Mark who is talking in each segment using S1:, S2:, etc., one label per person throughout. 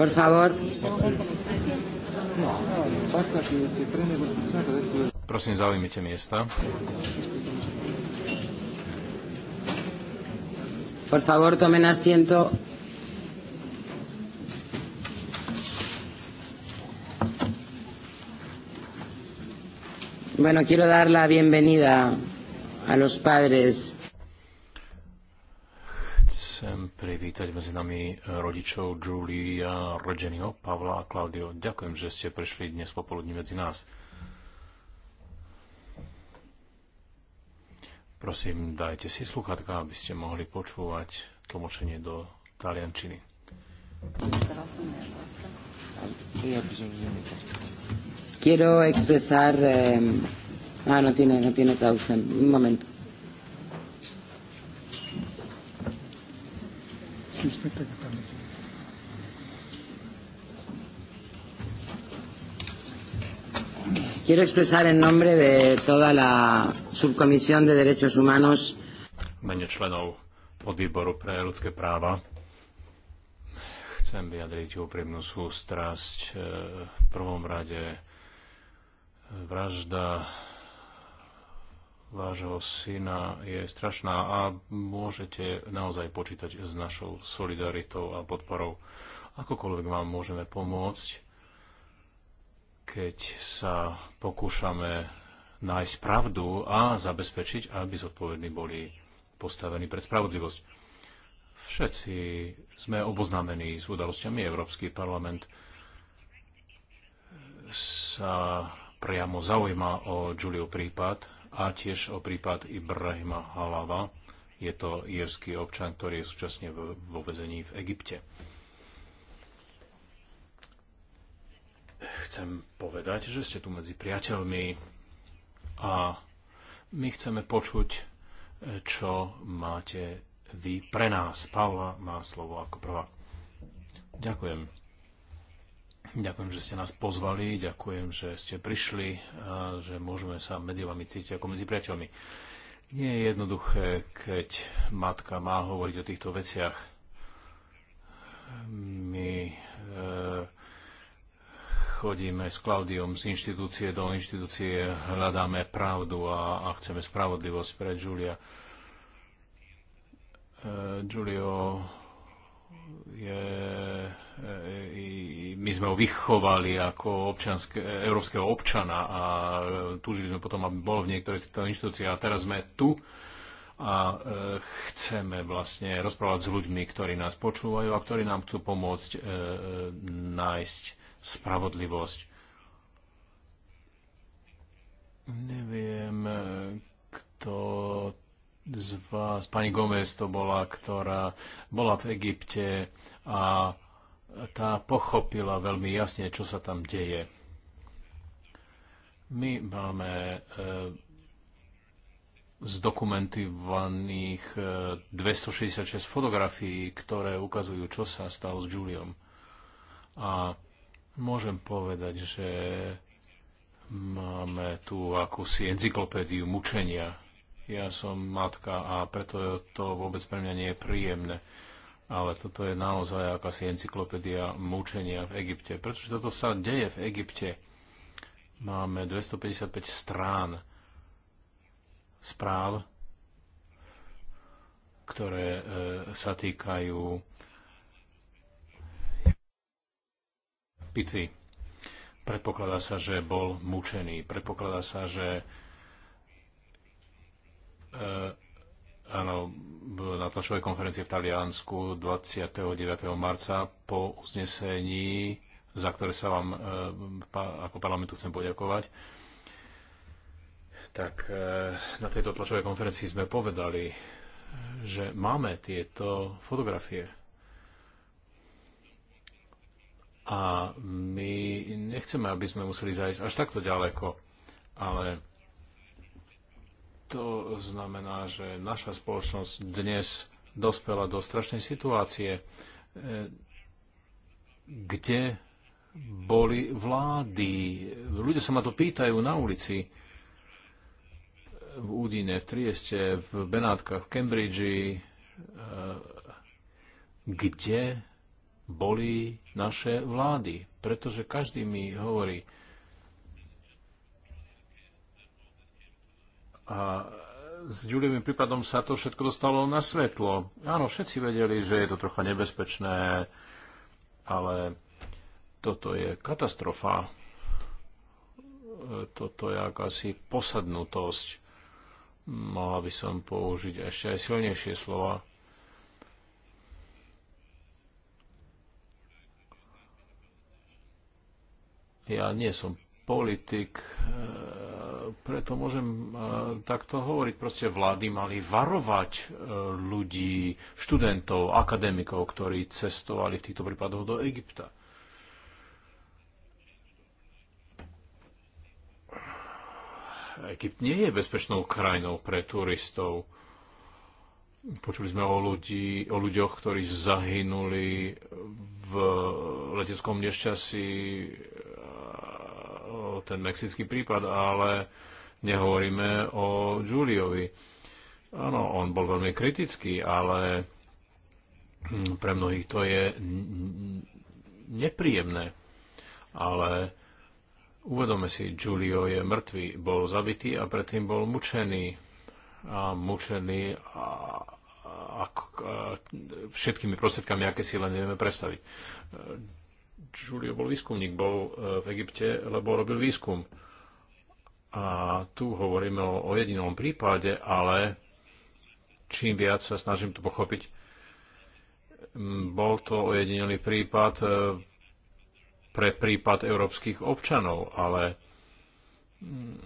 S1: Por favor.
S2: Prosím, zaujímite miesta.
S1: Por favor, tomen asiento. Bueno, quiero dar la bienvenida a los padres
S2: privítať medzi nami e, rodičov Julie a Rogenio, Pavla a Claudio. Ďakujem, že ste prišli dnes popoludní medzi nás. Prosím, dajte si sluchatka, aby ste mohli počúvať tlmočenie do taliančiny.
S1: Quiero expresar... Eh, ah, no tiene, no tiene traducción. Un momento.
S3: si aspetta che parli
S1: Quiero expresar en nombre de toda la Subcomisión de Derechos Humanos
S2: mene členov podvýboru pre ľudské práva chcem vyjadriť úprimnú sústrasť eh, v prvom rade eh, vražda vášho syna je strašná a môžete naozaj počítať s našou solidaritou a podporou. Akokoľvek vám môžeme pomôcť, keď sa pokúšame nájsť pravdu a zabezpečiť, aby zodpovední boli postavení pred spravodlivosť. Všetci sme oboznámení s udalosťami. Európsky parlament sa priamo zaujíma o Giulio prípad a tiež o prípad Ibrahima Halava. Je to jerský občan, ktorý je súčasne vo vezení v Egypte. Chcem povedať, že ste tu medzi priateľmi a my chceme počuť, čo máte vy pre nás. Pavla má slovo ako prvá. Ďakujem. Ďakujem, že ste nás pozvali, ďakujem, že ste prišli a že môžeme sa medzi vami cítiť ako medzi priateľmi. Nie je jednoduché, keď matka má hovoriť o týchto veciach. My e, chodíme s Klaudiom z inštitúcie do inštitúcie, hľadáme pravdu a, a chceme spravodlivosť pre Julia. E, Julio je, je my sme ho vychovali ako občanské, európskeho občana a e, túžili sme potom, aby bol v niektorej týchto inštitúcií. A teraz sme tu a e, chceme vlastne rozprávať s ľuďmi, ktorí nás počúvajú a ktorí nám chcú pomôcť e, nájsť spravodlivosť. Neviem, kto z vás, pani Gomez to bola, ktorá bola v Egypte a tá pochopila veľmi jasne, čo sa tam deje. My máme e, zdokumentovaných 266 e, fotografií, ktoré ukazujú, čo sa stalo s Juliom. A môžem povedať, že máme tu akúsi encyklopédiu mučenia. Ja som matka a preto to vôbec pre mňa nie je príjemné ale toto je naozaj akási encyklopédia mučenia v Egypte, pretože toto sa deje v Egypte. Máme 255 strán správ, ktoré e, sa týkajú pitvy. Predpokladá sa, že bol mučený. Predpokladá sa, že e, Áno, na tlačovej konferencie v Taliansku 29. marca po uznesení, za ktoré sa vám e, ako parlamentu chcem poďakovať. Tak e, na tejto tlačovej konferencii sme povedali, že máme tieto fotografie. A my nechceme, aby sme museli zajsť až takto ďaleko, ale to znamená, že naša spoločnosť dnes dospela do strašnej situácie, e, kde boli vlády. Ľudia sa ma to pýtajú na ulici v Udine, v Trieste, v Benátkach, v Cambridge, e, kde boli naše vlády. Pretože každý mi hovorí, A s Juliovým prípadom sa to všetko dostalo na svetlo. Áno, všetci vedeli, že je to trocha nebezpečné, ale toto je katastrofa. Toto je akási posadnutosť. Mala by som použiť ešte aj silnejšie slova. Ja nie som politik, preto môžem e, takto hovoriť. Proste vlády mali varovať e, ľudí, študentov, akademikov, ktorí cestovali v týchto prípadoch do Egypta. Egypt nie je bezpečnou krajinou pre turistov. Počuli sme o, ľudí, o ľuďoch, ktorí zahynuli v leteckom nešťastí e, ten mexický prípad, ale Nehovoríme o Giuliovi. Áno, on bol veľmi kritický, ale pre mnohých to je nepríjemné. Ale uvedome si, Giulio je mŕtvý, bol zabitý a predtým bol mučený. A mučený a, a, a všetkými prostriedkami, aké si len nevieme predstaviť. Giulio bol výskumník, bol e, v Egypte, lebo robil výskum. A tu hovoríme o, o jedinom prípade, ale čím viac sa snažím to pochopiť, bol to ojedinelý prípad e, pre prípad európskych občanov, ale mm,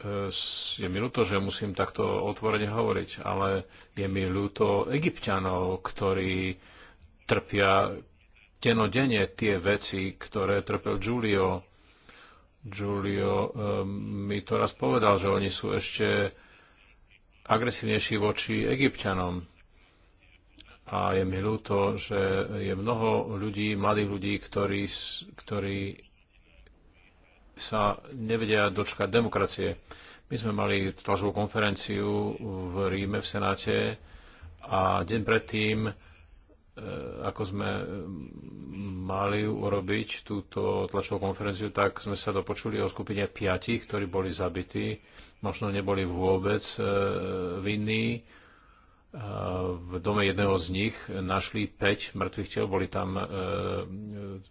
S2: e, je mi ľúto, že musím takto otvorene hovoriť, ale je mi ľúto egyptianov, ktorí trpia denodene tie veci, ktoré trpel Giulio Giulio ehm, mi to raz povedal, že oni sú ešte agresívnejší voči egyptianom. A je mi ľúto, že je mnoho ľudí, mladých ľudí, ktorí, ktorí sa nevedia dočkať demokracie. My sme mali tlačovú konferenciu v Ríme v Senáte a deň predtým E, ako sme e, mali urobiť túto tlačovú konferenciu, tak sme sa dopočuli o skupine piatich, ktorí boli zabití, možno neboli vôbec e, vinní. V dome jedného z nich našli 5 mŕtvych tel, boli tam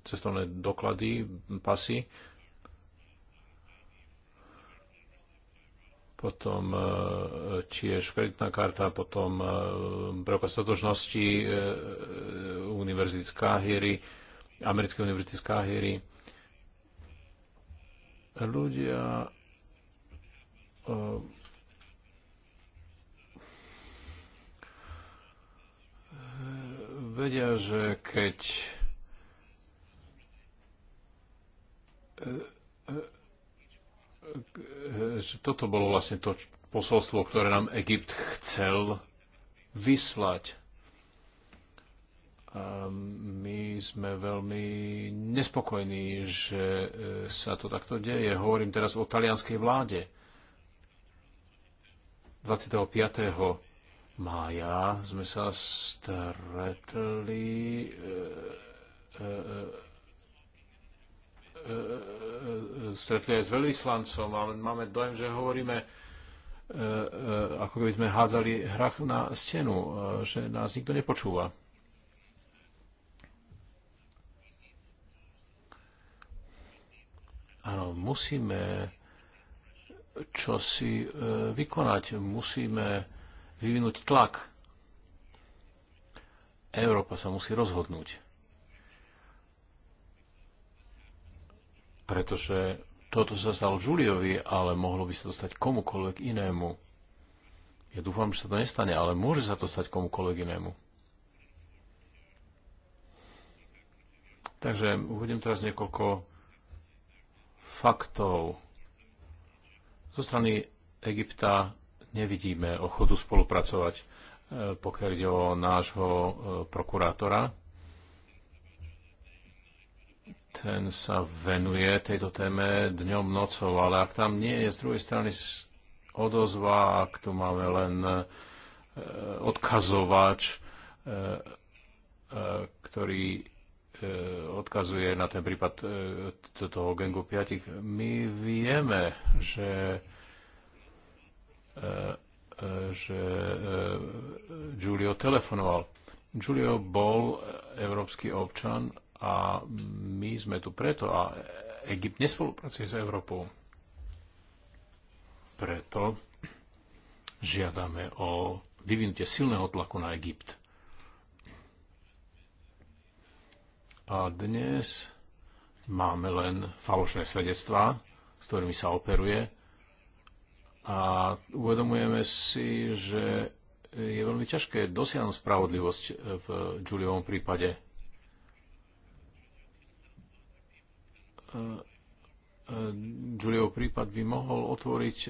S2: cestovné doklady, pasy potom e, tiež kreditná karta, potom preukaz e, totožnosti e, univerzity z americké univerzity z Ľudia vedia, že keď že toto bolo vlastne to posolstvo, ktoré nám Egypt chcel vyslať. A my sme veľmi nespokojní, že e, sa to takto deje. Hovorím teraz o talianskej vláde. 25. mája sme sa stretli e, e, e E, e, stretli aj s veľvyslancom, ale máme dojem, že hovoríme, e, ako keby sme hádzali hrach na stenu, že nás nikto nepočúva. Áno, musíme čo si vykonať, musíme vyvinúť tlak. Európa sa musí rozhodnúť. Pretože toto sa stalo Žuliovi, ale mohlo by sa to stať komukoľvek inému. Ja dúfam, že sa to nestane, ale môže sa to stať komukoľvek inému. Takže uvedem teraz niekoľko faktov. Zo strany Egypta nevidíme ochotu spolupracovať, e, pokiaľ ide o nášho e, prokurátora ten sa venuje tejto téme dňom, nocou, ale ak tam nie je z druhej strany odozva, ak tu máme len e, odkazovač, e, e, ktorý odkazuje na ten prípad toho gengu piatich. My vieme, že že Giulio telefonoval. Giulio bol európsky občan a my sme tu preto a Egypt nespolupracuje s Európou. Preto žiadame o vyvinutie silného tlaku na Egypt. A dnes máme len falošné svedectvá, s ktorými sa operuje. A uvedomujeme si, že je veľmi ťažké dosiahnuť spravodlivosť v Juliovom prípade. Julio e, e, prípad by mohol otvoriť e,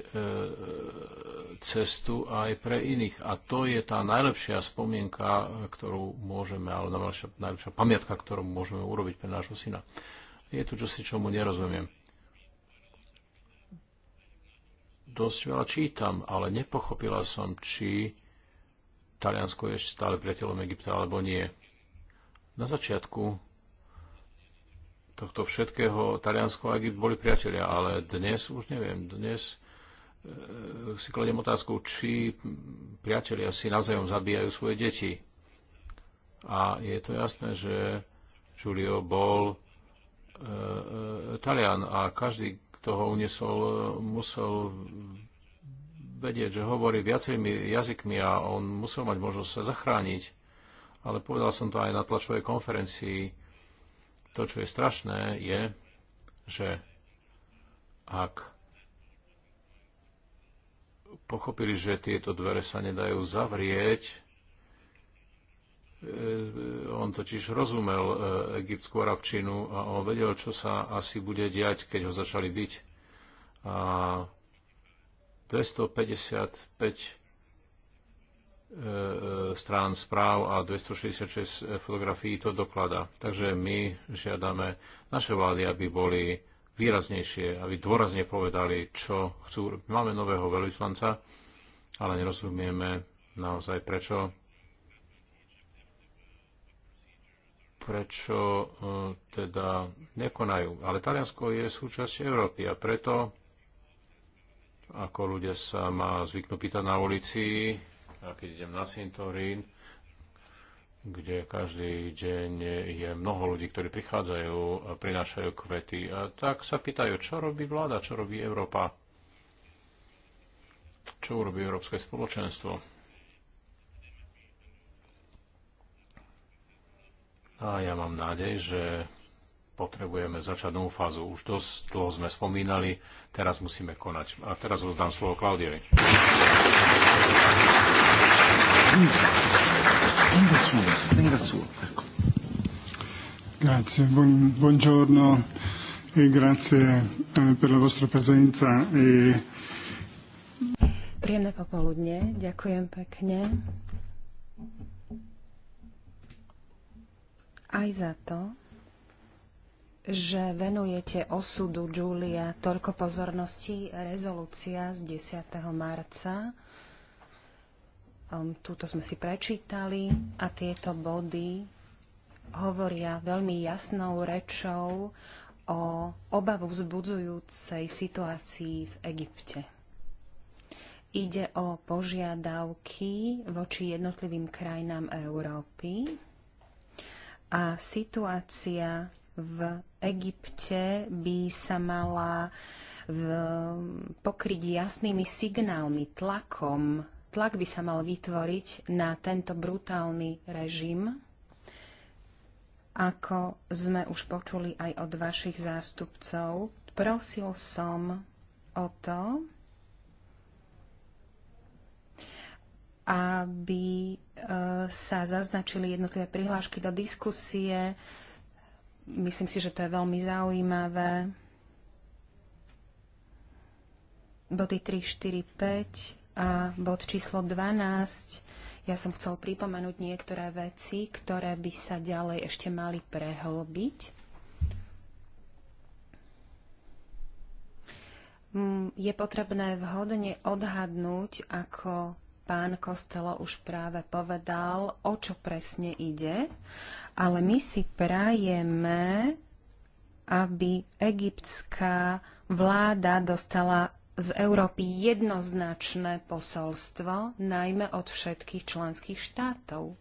S2: cestu aj pre iných. A to je tá najlepšia spomienka, ktorú môžeme, ale najlepšia, najlepšia pamiatka, ktorú môžeme urobiť pre nášho syna. Je tu čosi, čomu nerozumiem. Dosť veľa čítam, ale nepochopila som, či Taliansko je ešte stále priateľom Egypta alebo nie. Na začiatku tohto všetkého Taliansko a Egypt boli priatelia, ale dnes už neviem, dnes e, si kladiem otázku, či priatelia si navzájom zabíjajú svoje deti. A je to jasné, že Giulio bol e, e, Talian a každý, kto ho uniesol, musel vedieť, že hovorí viacerými jazykmi a on musel mať možnosť sa zachrániť. Ale povedal som to aj na tlačovej konferencii, to, čo je strašné, je, že ak pochopili, že tieto dvere sa nedajú zavrieť, e, on totiž rozumel e, egyptskú arabčinu a on vedel, čo sa asi bude diať, keď ho začali byť. A 255 E, e, strán správ a 266 fotografií to dokladá. Takže my žiadame naše vlády, aby boli výraznejšie, aby dôrazne povedali, čo chcú. Máme nového veľvyslanca, ale nerozumieme naozaj prečo. Prečo e, teda nekonajú. Ale Taliansko je súčasť Európy a preto, ako ľudia sa ma zvyknú pýtať na ulici, a keď idem na Sintorín, kde každý deň je mnoho ľudí, ktorí prichádzajú a prinášajú kvety. A tak sa pýtajú, čo robí vláda, čo robí Európa, čo urobí Európske spoločenstvo. A ja mám nádej, že potrebujeme začať novú fázu. Už dosť dlho sme spomínali, teraz musíme konať. A teraz oddám slovo Klaudiovi. Grazie, buon, buongiorno e grazie eh, per la
S4: vostra presenza. E... Príjemné popoludne, ďakujem pekne. Aj za to, že venujete osudu Julia toľko pozornosti. Rezolúcia z 10. marca. Um, Tuto sme si prečítali a tieto body hovoria veľmi jasnou rečou o obavu vzbudzujúcej situácii v Egypte. Ide o požiadavky voči jednotlivým krajinám Európy a situácia v Egypte by sa mala v, pokryť jasnými signálmi, tlakom. Tlak by sa mal vytvoriť na tento brutálny režim, ako sme už počuli aj od vašich zástupcov. Prosil som o to, aby e, sa zaznačili jednotlivé prihlášky do diskusie, Myslím si, že to je veľmi zaujímavé. Body 3, 4, 5 a bod číslo 12. Ja som chcel pripomenúť niektoré veci, ktoré by sa ďalej ešte mali prehlbiť. Mm, je potrebné vhodne odhadnúť, ako pán Kostelo už práve povedal, o čo presne ide, ale my si prajeme, aby egyptská vláda dostala z Európy jednoznačné posolstvo, najmä od všetkých členských štátov.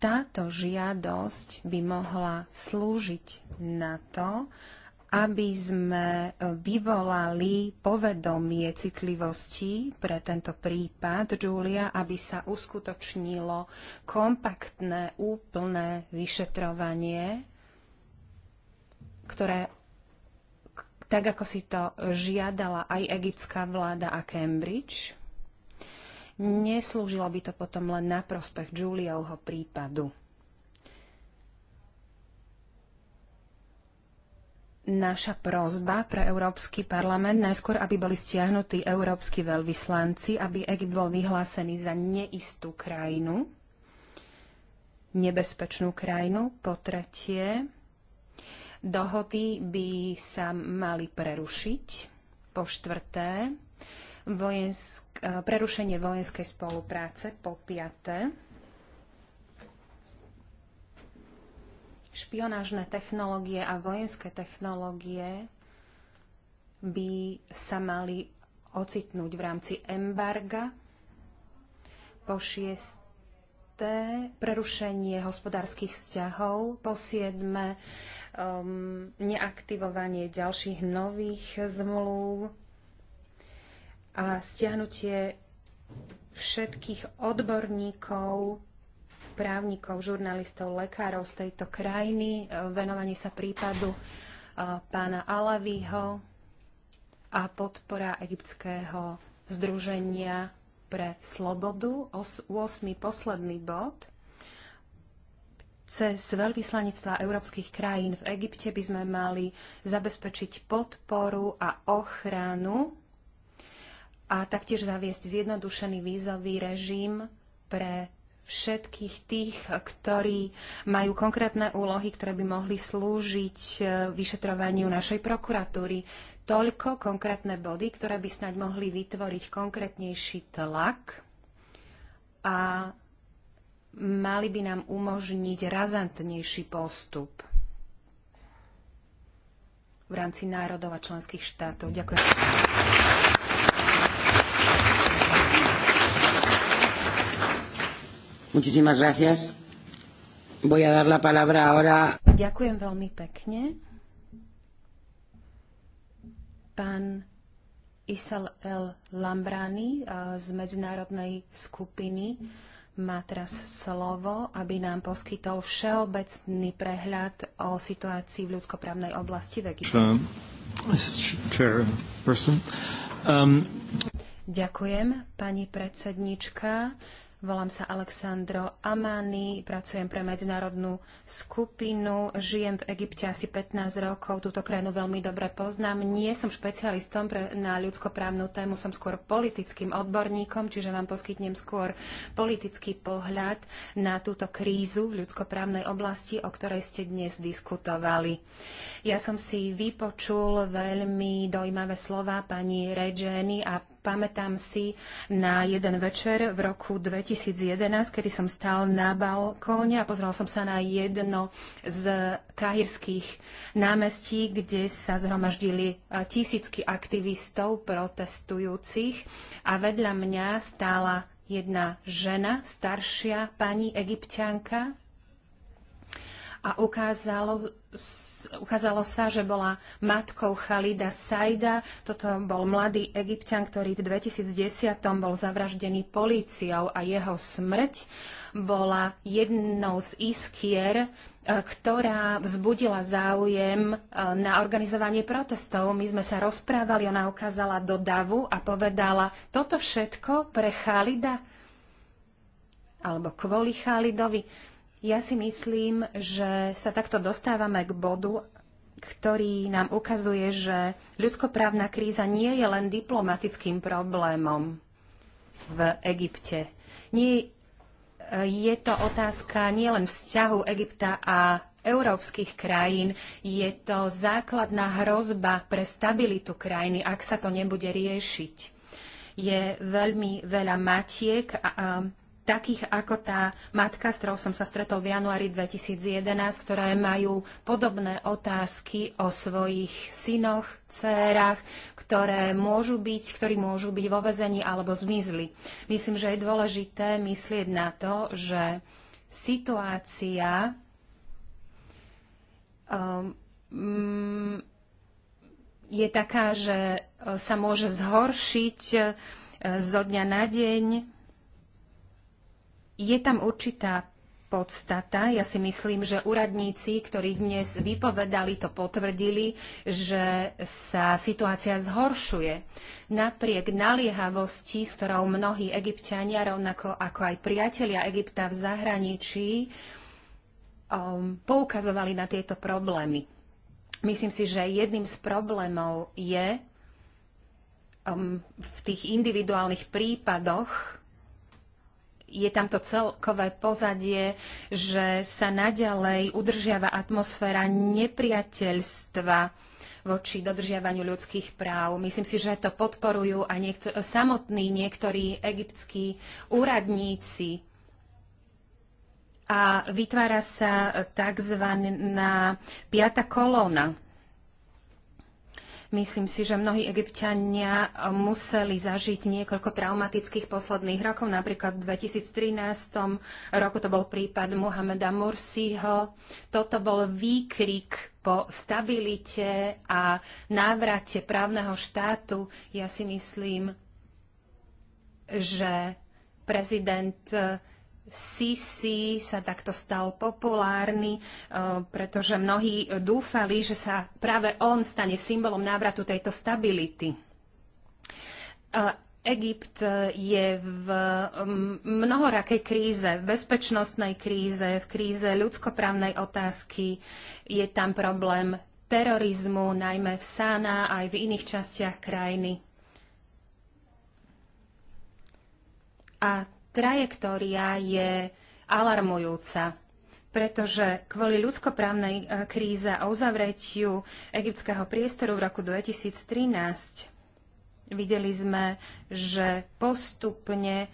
S4: Táto žiadosť by mohla slúžiť na to, aby sme e, vyvolali povedomie citlivosti pre tento prípad Julia, aby sa uskutočnilo kompaktné, úplné vyšetrovanie, ktoré tak ako si to žiadala aj egyptská vláda a Cambridge. Neslúžilo by to potom len na prospech Juliovho prípadu. naša prozba pre Európsky parlament najskôr, aby boli stiahnutí európsky veľvyslanci, aby Egypt bol vyhlásený za neistú krajinu, nebezpečnú krajinu. Po tretie, dohody by sa mali prerušiť. Po štvrté, vojensk- eh, prerušenie vojenskej spolupráce. Po piaté, špionážne technológie a vojenské technológie by sa mali ocitnúť v rámci embarga. Po šiesté, prerušenie hospodárskych vzťahov. Po siedme, um, neaktivovanie ďalších nových zmluv a stiahnutie všetkých odborníkov právnikov, žurnalistov, lekárov z tejto krajiny, e, venovanie sa prípadu e, pána Alavího a podpora egyptského združenia pre slobodu. 8. posledný bod. Cez veľvyslanectva európskych krajín v Egypte by sme mali zabezpečiť podporu a ochranu a taktiež zaviesť zjednodušený vízový režim pre všetkých tých, ktorí majú konkrétne úlohy, ktoré by mohli slúžiť e, vyšetrovaniu našej prokuratúry. Toľko konkrétne body, ktoré by snaď mohli vytvoriť konkrétnejší tlak a mali by nám umožniť razantnejší postup v rámci národov a členských štátov. Ďakujem.
S1: Muchísimas gracias. Voy a dar la palabra ahora.
S4: Ďakujem veľmi pekne. Pán Isel El Lambrani eh, z medzinárodnej skupiny má teraz slovo, aby nám poskytol všeobecný prehľad o situácii v ľudskoprávnej oblasti v Egypte. Um, Ďakujem, pani predsednička. Volám sa Alexandro Amani, pracujem pre medzinárodnú skupinu, žijem v Egypte asi 15 rokov, túto krajinu veľmi dobre poznám. Nie som špecialistom pre, na ľudskoprávnu tému, som skôr politickým odborníkom, čiže vám poskytnem skôr politický pohľad na túto krízu v ľudskoprávnej oblasti, o ktorej ste dnes diskutovali. Ja som si vypočul veľmi dojímavé slova pani Regeny a pamätám si na jeden večer v roku 2011, kedy som stál na balkóne a pozrel som sa na jedno z kahirských námestí, kde sa zhromaždili e, tisícky aktivistov protestujúcich a vedľa mňa stála jedna žena, staršia pani egyptianka, a ukázalo, ukázalo sa, že bola matkou Khalida Saida. Toto bol mladý egyptian, ktorý v 2010 bol zavraždený políciou a jeho smrť bola jednou z iskier, e, ktorá vzbudila záujem e, na organizovanie protestov. My sme sa rozprávali, ona ukázala do davu a povedala, toto všetko pre Chalida alebo kvôli Chalidovi. Ja si myslím, že sa takto dostávame k bodu, ktorý nám ukazuje, že ľudskoprávna kríza nie je len diplomatickým problémom v Egypte. Nie, je to otázka nielen vzťahu Egypta a európskych krajín. Je to základná hrozba pre stabilitu krajiny, ak sa to nebude riešiť. Je veľmi veľa matiek a, a takých ako tá matka, s ktorou som sa stretol v januári 2011, ktoré majú podobné otázky o svojich synoch, dcerách, ktoré môžu byť, ktorí môžu byť vo vezení alebo zmizli. Myslím, že je dôležité myslieť na to, že situácia um, mm, je taká, že sa môže zhoršiť e, zo dňa na deň je tam určitá podstata. Ja si myslím, že úradníci, ktorí dnes vypovedali, to potvrdili, že sa situácia zhoršuje. Napriek naliehavosti, s ktorou mnohí egyptiania, rovnako ako aj priatelia Egypta v zahraničí, um, poukazovali na tieto problémy. Myslím si, že jedným z problémov je um, v tých individuálnych prípadoch je tam to celkové pozadie, že sa naďalej udržiava atmosféra nepriateľstva voči dodržiavaniu ľudských práv. Myslím si, že to podporujú aj niektor- samotní niektorí egyptskí úradníci. A vytvára sa tzv. piata kolóna Myslím si, že mnohí egyptiania eh, museli zažiť niekoľko traumatických posledných rokov. Napríklad v 2013 roku to bol prípad Mohameda Mursiho. Toto bol výkrik po stabilite a návrate právneho štátu. Ja si myslím, že prezident eh, Sisi sa takto stal populárny, e, pretože mnohí dúfali, že sa práve on stane symbolom návratu tejto stability. E, Egypt je v mnohorakej kríze, v bezpečnostnej kríze, v kríze ľudskoprávnej otázky. Je tam problém terorizmu, najmä v Sána aj v iných častiach krajiny. A trajektória je alarmujúca pretože kvôli ľudskoprávnej e, kríze a uzavretiu egyptského priestoru v roku 2013 videli sme, že postupne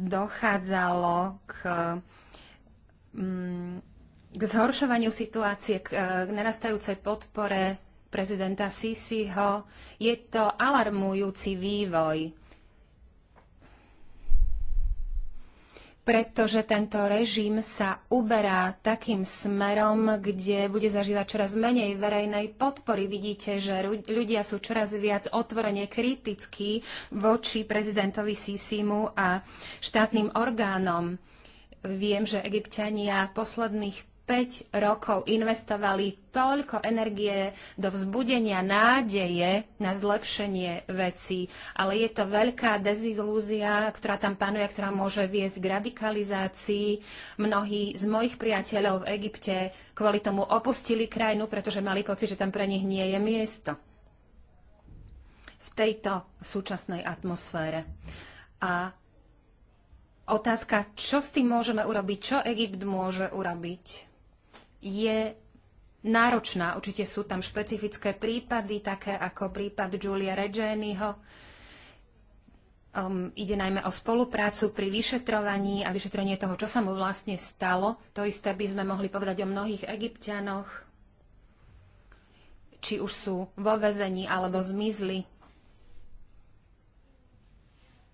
S4: dochádzalo k, mm, k zhoršovaniu situácie, k, e, k narastajúcej podpore prezidenta Sisiho. Je to alarmujúci vývoj pretože tento režim sa uberá takým smerom, kde bude zažívať čoraz menej verejnej podpory. Vidíte, že ľudia sú čoraz viac otvorene kritickí voči prezidentovi Sisimu a štátnym orgánom. Viem, že egyptiania posledných 5 rokov investovali toľko energie do vzbudenia nádeje na zlepšenie vecí, ale je to veľká dezilúzia, ktorá tam panuje, ktorá môže viesť k radikalizácii. Mnohí z mojich priateľov v Egypte kvôli tomu opustili krajinu, pretože mali pocit, že tam pre nich nie je miesto v tejto súčasnej atmosfére. A otázka, čo s tým môžeme urobiť, čo Egypt môže urobiť je náročná. Určite sú tam špecifické prípady, také ako prípad Julia Reggianiho. Um, ide najmä o spoluprácu pri vyšetrovaní a vyšetrenie toho, čo sa mu vlastne stalo. To isté by sme mohli povedať o mnohých egyptianoch, či už sú vo vezení alebo zmizli.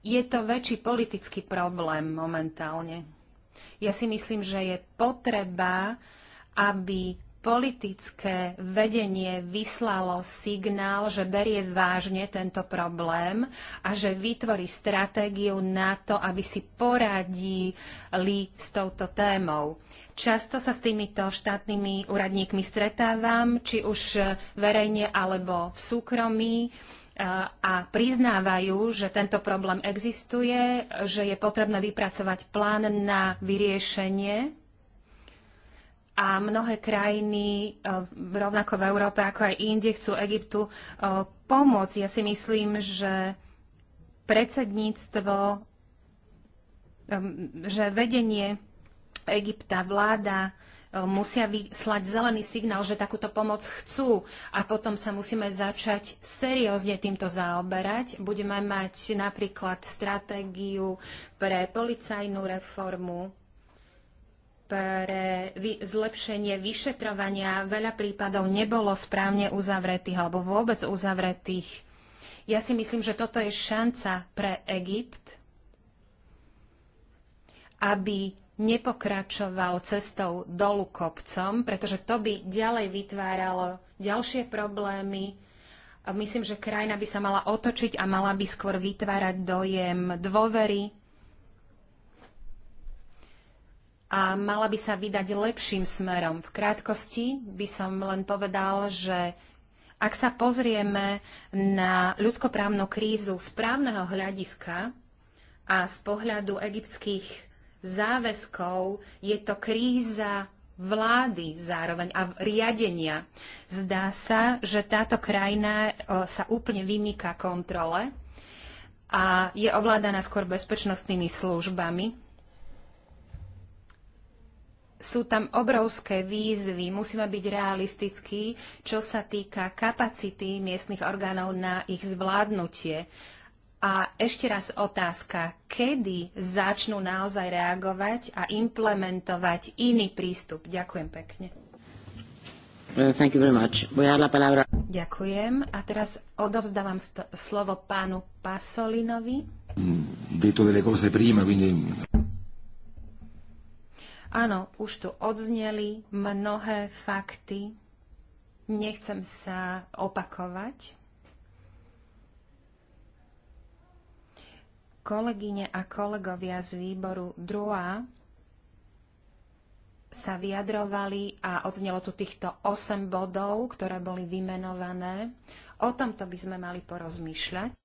S4: Je to väčší politický problém momentálne. Ja si myslím, že je potreba aby politické vedenie vyslalo signál, že berie vážne tento problém a že vytvorí stratégiu na to, aby si poradili s touto témou. Často sa s týmito štátnymi úradníkmi stretávam, či už verejne alebo v súkromí a priznávajú, že tento problém existuje, že je potrebné vypracovať plán na vyriešenie a mnohé krajiny, eh, rovnako v Európe ako aj inde, chcú Egyptu eh, pomôcť. Ja si myslím, že predsedníctvo, eh, že vedenie Egypta, vláda musia vyslať zelený signál, že takúto pomoc chcú a potom sa musíme začať seriózne týmto zaoberať. Budeme mať napríklad stratégiu pre policajnú reformu, pre zlepšenie vyšetrovania veľa prípadov nebolo správne uzavretých alebo vôbec uzavretých. Ja si myslím, že toto je šanca pre Egypt, aby nepokračoval cestou dolu kopcom, pretože to by ďalej vytváralo ďalšie problémy. Myslím, že krajina by sa mala otočiť a mala by skôr vytvárať dojem dôvery a mala by sa vydať lepším smerom. V krátkosti by som len povedal, že ak sa pozrieme na ľudskoprávnu krízu z právneho hľadiska a z pohľadu egyptských záväzkov, je to kríza vlády zároveň a riadenia. Zdá sa, že táto krajina e, sa úplne vymýka kontrole a je ovládaná skôr bezpečnostnými službami sú tam obrovské výzvy. Musíme byť realistickí, čo sa týka kapacity miestnych orgánov na ich zvládnutie. A ešte raz otázka, kedy začnú naozaj reagovať a implementovať iný prístup? Ďakujem pekne.
S1: Uh, thank you very much. a
S4: Ďakujem. A teraz odovzdávam slovo pánu Pasolinovi.
S2: Mm, delle cose prima, quindi
S4: Áno, už tu odzneli mnohé fakty. Nechcem sa opakovať. Kolegyne a kolegovia z výboru DRUA sa vyjadrovali a odznelo tu týchto 8 bodov, ktoré boli vymenované. O tomto by sme mali porozmýšľať.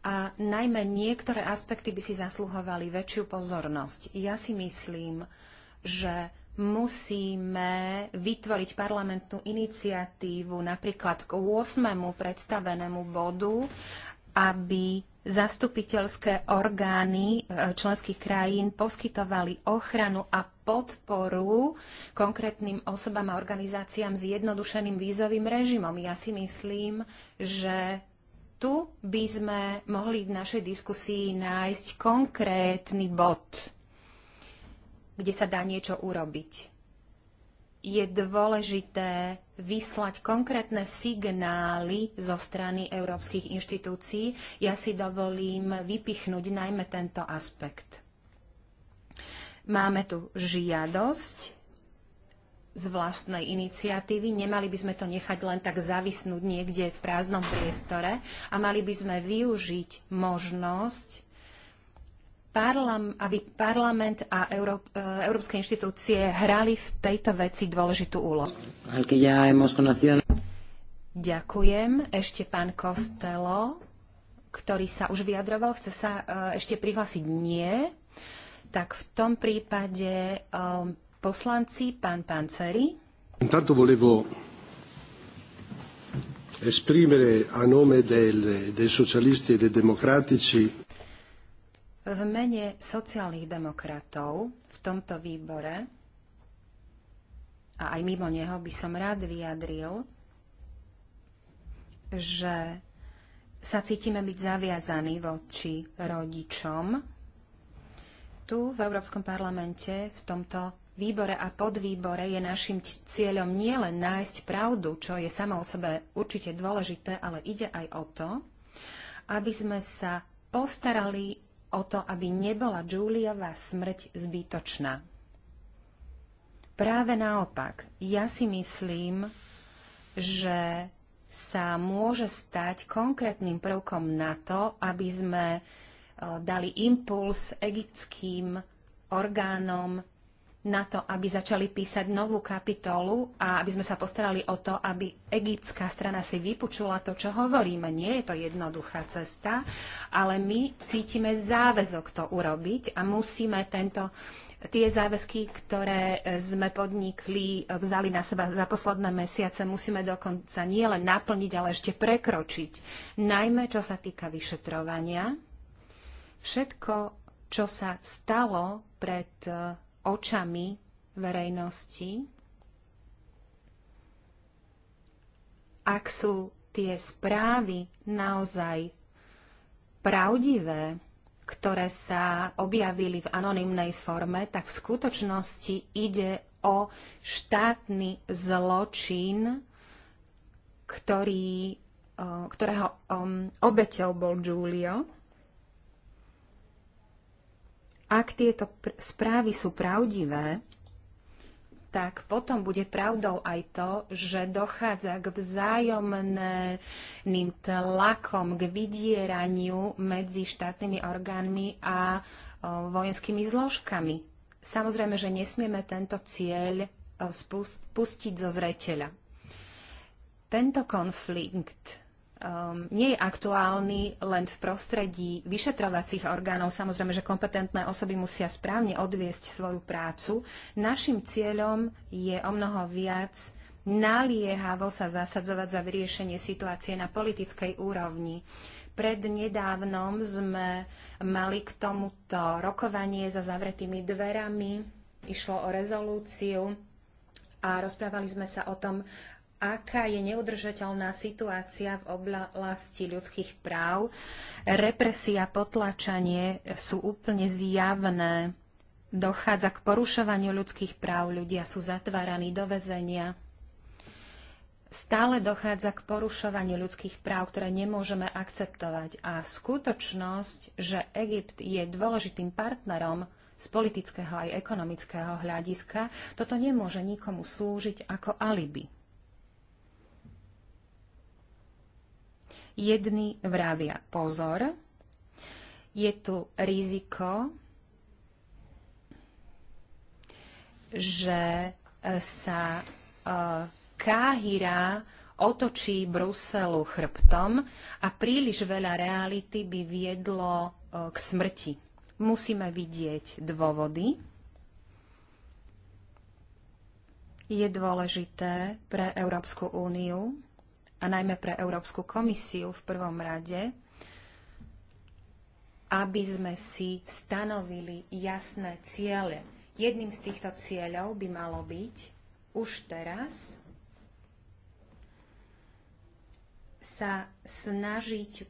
S4: a najmä niektoré aspekty by si zasluhovali väčšiu pozornosť. Ja si myslím, že musíme vytvoriť parlamentnú iniciatívu napríklad k 8. predstavenému bodu, aby zastupiteľské orgány e, členských krajín poskytovali ochranu a podporu konkrétnym osobám a organizáciám s jednodušeným vízovým režimom. Ja si myslím, že tu by sme mohli v našej diskusii nájsť konkrétny bod, kde sa dá niečo urobiť. Je dôležité vyslať konkrétne signály zo strany európskych inštitúcií. Ja si dovolím vypichnúť najmä tento aspekt. Máme tu žiadosť z vlastnej iniciatívy. Nemali by sme to nechať len tak zavisnúť niekde v prázdnom priestore a mali by sme využiť možnosť, aby parlament a Euró- e, európske inštitúcie hrali v tejto veci dôležitú úlohu. Ďakujem. Ešte pán Kostelo, ktorý sa už vyjadroval, chce sa e, ešte prihlásiť? Nie. Tak v tom prípade um, poslanci, pán Panceri.
S2: Intanto volevo esprimere a nome del, dei socialisti e dei
S4: democratici v mene sociálnych demokratov v tomto výbore a aj mimo neho by som rád vyjadril, že sa cítime byť zaviazaní voči rodičom tu v Európskom parlamente v tomto výbore a podvýbore je našim cieľom nielen nájsť pravdu, čo je samo o sebe určite dôležité, ale ide aj o to, aby sme sa postarali o to, aby nebola Juliová smrť zbytočná. Práve naopak, ja si myslím, že sa môže stať konkrétnym prvkom na to, aby sme e, dali impuls egyptským orgánom na to, aby začali písať novú kapitolu a aby sme sa postarali o to, aby egyptská strana si vypočula to, čo hovoríme. Nie je to jednoduchá cesta, ale my cítime záväzok to urobiť a musíme tento tie záväzky, ktoré e, sme podnikli, e, vzali na seba za posledné mesiace, musíme dokonca nielen naplniť, ale ešte prekročiť. Najmä čo sa týka vyšetrovania, všetko, čo sa stalo pred e, očami verejnosti, ak sú tie správy naozaj pravdivé, ktoré sa objavili v anonymnej forme, tak v skutočnosti ide o štátny zločin, ktorý, ktorého obeťou bol Giulio ak tieto správy sú pravdivé, tak potom bude pravdou aj to, že dochádza k vzájomným tlakom, k vydieraniu medzi štátnymi orgánmi a vojenskými zložkami. Samozrejme, že nesmieme tento cieľ spustiť zo zreteľa. Tento konflikt um, nie je aktuálny len v prostredí vyšetrovacích orgánov. Samozrejme, že kompetentné osoby musia správne odviesť svoju prácu. Našim cieľom je o mnoho viac naliehavo sa zasadzovať za vyriešenie situácie na politickej úrovni. Pred nedávnom sme mali k tomuto rokovanie za zavretými dverami. Išlo o rezolúciu a rozprávali sme sa o tom, aká je neudržateľná situácia v oblasti ľudských práv. Represia, potlačanie sú úplne zjavné. Dochádza k porušovaniu ľudských práv, ľudia sú zatváraní do väzenia. Stále dochádza k porušovaniu ľudských práv, ktoré nemôžeme akceptovať. A skutočnosť, že Egypt je dôležitým partnerom z politického aj ekonomického hľadiska, toto nemôže nikomu slúžiť ako alibi. Jedni vravia pozor, je tu riziko, že e, sa e, Káhira otočí Bruselu chrbtom a príliš veľa reality by viedlo e, k smrti. Musíme vidieť dôvody. Je dôležité pre Európsku úniu, a najmä pre Európsku komisiu v prvom rade, aby sme si stanovili jasné ciele. Jedným z týchto cieľov by malo byť už teraz sa snažiť eh,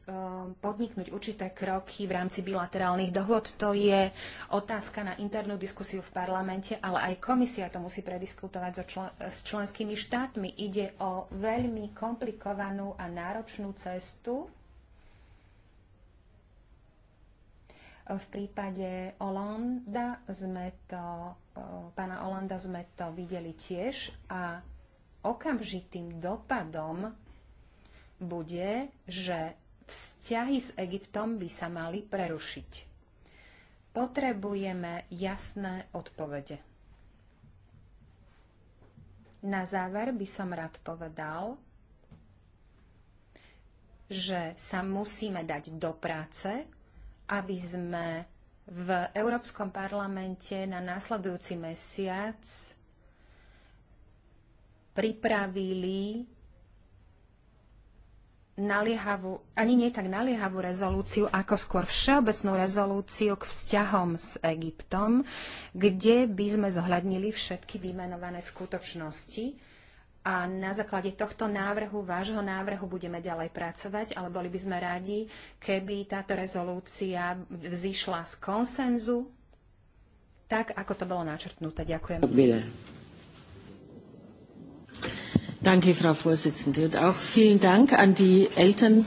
S4: podniknúť určité kroky v rámci bilaterálnych dohod. To je otázka na internú diskusiu v parlamente, ale aj komisia to musí prediskutovať so s členskými štátmi. Ide o veľmi komplikovanú a náročnú cestu. V prípade Olanda sme to, eh, pána Olanda sme to videli tiež a okamžitým dopadom bude, že vzťahy s Egyptom by sa mali prerušiť. Potrebujeme jasné odpovede. Na záver by som rád povedal, že sa musíme dať do práce, aby sme v Európskom parlamente na následujúci mesiac pripravili naliehavú, ani nie tak naliehavú rezolúciu, ako skôr všeobecnú rezolúciu k vzťahom s Egyptom, kde by sme zohľadnili všetky vymenované skutočnosti. A na základe tohto návrhu, vášho návrhu, budeme ďalej pracovať, ale boli by sme radi, keby táto rezolúcia vzýšla z konsenzu, tak ako to bolo načrtnuté. Ďakujem. Danke, Frau Vorsitzende. Und auch vielen Dank an die Eltern.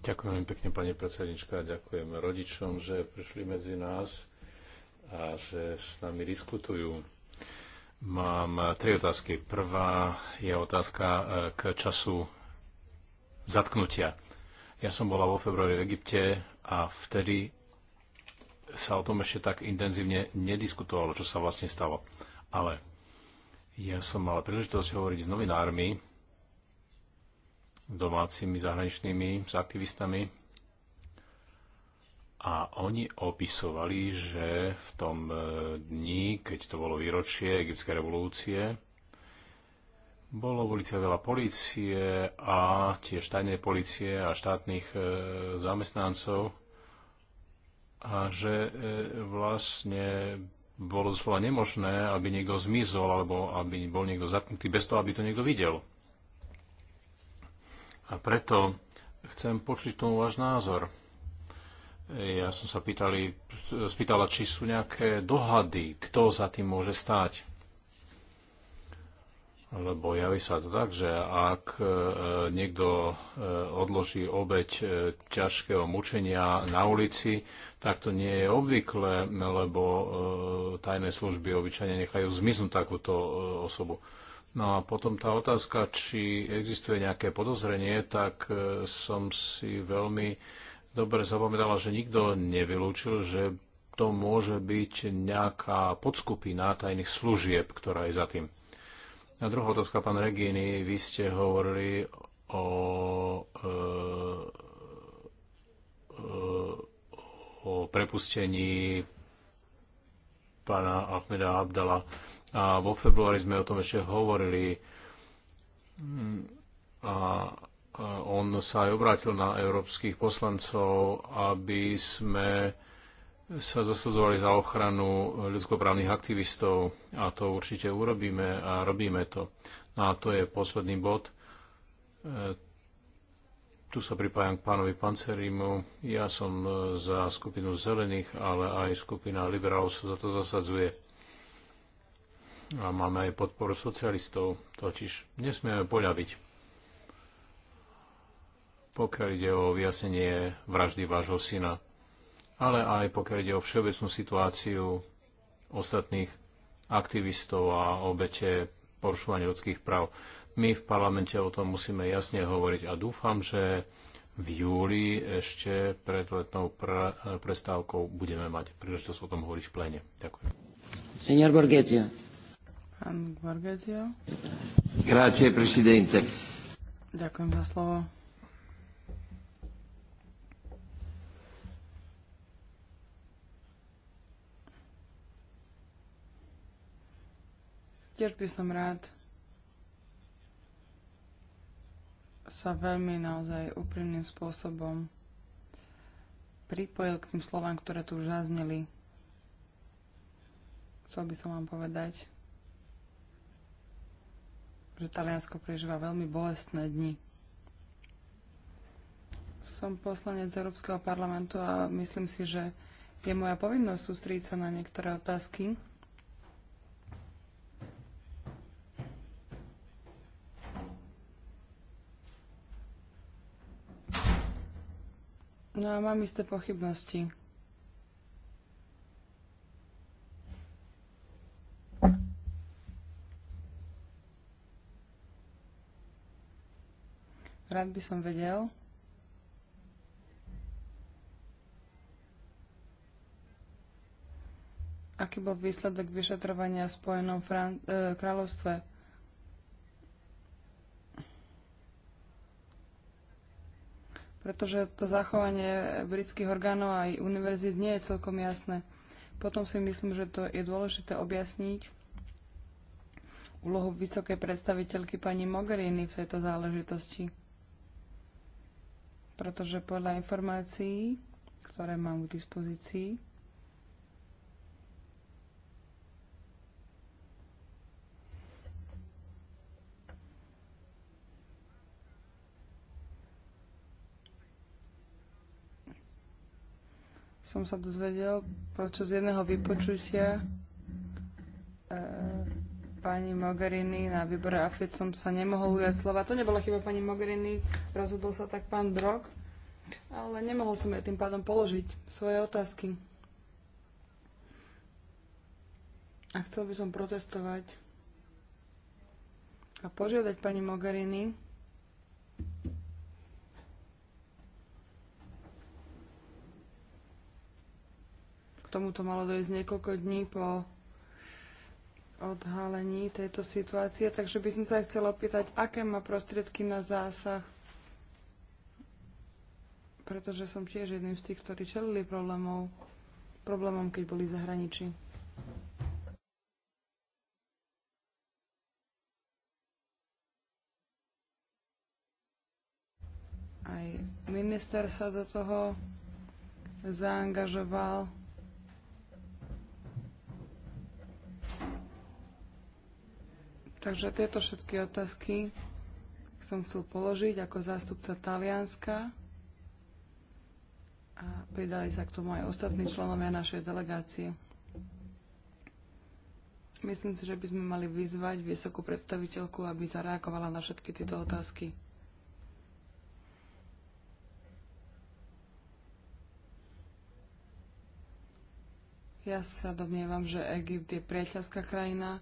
S4: Ďakujem
S2: pekne, pani predsednička, a ďakujem rodičom, že prišli medzi nás a že s nami diskutujú. Mám tri otázky. Prvá je otázka e, k času zatknutia. Ja som bola vo februári v Egypte a vtedy sa o tom ešte tak intenzívne nediskutovalo, čo sa vlastne stalo. Ale ja som mal príležitosť hovoriť s novinármi, s domácimi, zahraničnými, s aktivistami a oni opisovali, že v tom e, dni, keď to bolo výročie egyptskej revolúcie, bolo v ulici veľa policie a tiež tajnej policie a štátnych e, zamestnancov a že e, vlastne bolo doslova nemožné, aby niekto zmizol alebo aby bol niekto zatknutý bez toho, aby to niekto videl. A preto chcem počuť tomu váš názor. Ja som sa pýtali, spýtala, či sú nejaké dohady, kto za tým môže stáť. Lebo javí sa to tak, že ak e, niekto e, odloží obeď e, ťažkého mučenia na ulici, tak to nie je obvyklé, lebo tajné služby obyčajne nechajú zmiznúť takúto osobu. No a potom tá otázka, či existuje nejaké podozrenie, tak som si veľmi dobre zapamätala, že nikto nevylúčil, že to môže byť nejaká podskupina tajných služieb, ktorá je za tým. A druhá otázka, pán Regíny, vy ste hovorili o, e, e, o prepustení pána Ahmeda Abdala. A vo februári sme o tom ešte hovorili. A on sa aj obrátil na európskych poslancov, aby sme sa zasadzovali za ochranu ľudskoprávnych aktivistov a to určite urobíme a robíme to. No a to je posledný bod. E, tu sa pripájam k pánovi Pancerimu. Ja som za skupinu zelených, ale aj skupina liberálov sa za to zasadzuje. A máme aj podporu socialistov, totiž nesmieme poľaviť. Pokiaľ ide o vyjasnenie vraždy vášho syna, ale aj pokiaľ ide o všeobecnú situáciu ostatných aktivistov a obete porušovania ľudských práv. My v parlamente o tom musíme jasne hovoriť a dúfam, že v júli ešte pred letnou pr- prestávkou budeme mať príležitosť o tom hovoriť v plene. Ďakujem.
S1: Senior Borghezio.
S3: Pán Borghezio. Grazie, presidente. Ďakujem za slovo. Tiež by som rád sa veľmi naozaj úprimným spôsobom pripojil k tým slovám, ktoré tu už zazneli. Chcel by som vám povedať, že Taliansko prežíva veľmi bolestné dni. Som poslanec Európskeho parlamentu a myslím si, že je moja povinnosť sústrediť sa na niektoré otázky, Žiaľ, mám isté pochybnosti. Rád by som vedel. Aký bol výsledok vyšetrovania v Spojenom Fran- e, kráľovstve? pretože to zachovanie britských orgánov aj univerzít nie je celkom jasné. Potom si myslím, že to je dôležité objasniť úlohu vysokej predstaviteľky pani Mogherini v tejto záležitosti. Pretože podľa informácií, ktoré mám k dispozícii, som sa dozvedel počas jedného vypočutia e, pani Mogherini na výbore AFIT som sa nemohol ujať slova. To nebola chyba pani Mogherini, rozhodol sa tak pán Brok, ale nemohol som jej tým pádom položiť svoje otázky. A chcel by som protestovať a požiadať pani Mogherini, tomuto malo dojsť niekoľko dní po odhalení tejto situácie, takže by som sa chcela opýtať, aké má prostriedky na zásah, pretože som tiež jedným z tých, ktorí čelili problémov, problémom, keď boli v zahraničí. Aj minister sa do toho zaangažoval Takže tieto všetky otázky som chcel položiť ako zástupca Talianska a pridali sa k tomu aj ostatní členovia našej delegácie. Myslím si, že by sme mali vyzvať vysokú predstaviteľku, aby zareagovala na všetky tieto otázky. Ja sa domnievam, že Egypt je priateľská krajina,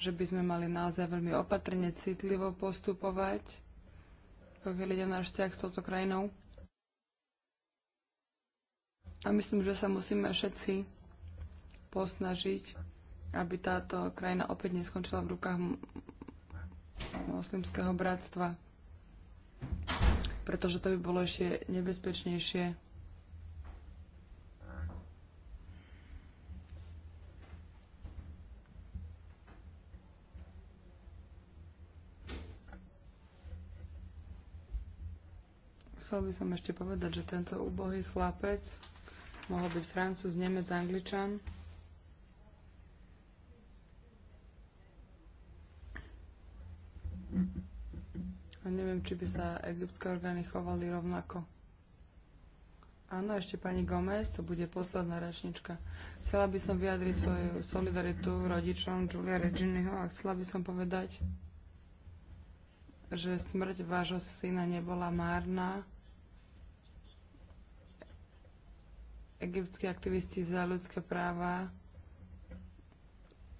S3: že by sme mali naozaj veľmi opatrne, citlivo postupovať, pokiaľ ide náš vzťah s touto krajinou. A myslím, že sa musíme všetci posnažiť, aby táto krajina opäť neskončila v rukách moslimského bratstva, pretože to by bolo ešte nebezpečnejšie Chcel by som ešte povedať, že tento úbohý chlapec mohol byť francúz, nemec, angličan. A neviem, či by sa egyptské orgány chovali rovnako. Áno, ešte pani Gomez, to bude posledná rečnička. Chcela by som vyjadriť svoju solidaritu rodičom Julia Reginyho a chcela by som povedať, že smrť vášho syna nebola márna egyptskí aktivisti za ľudské práva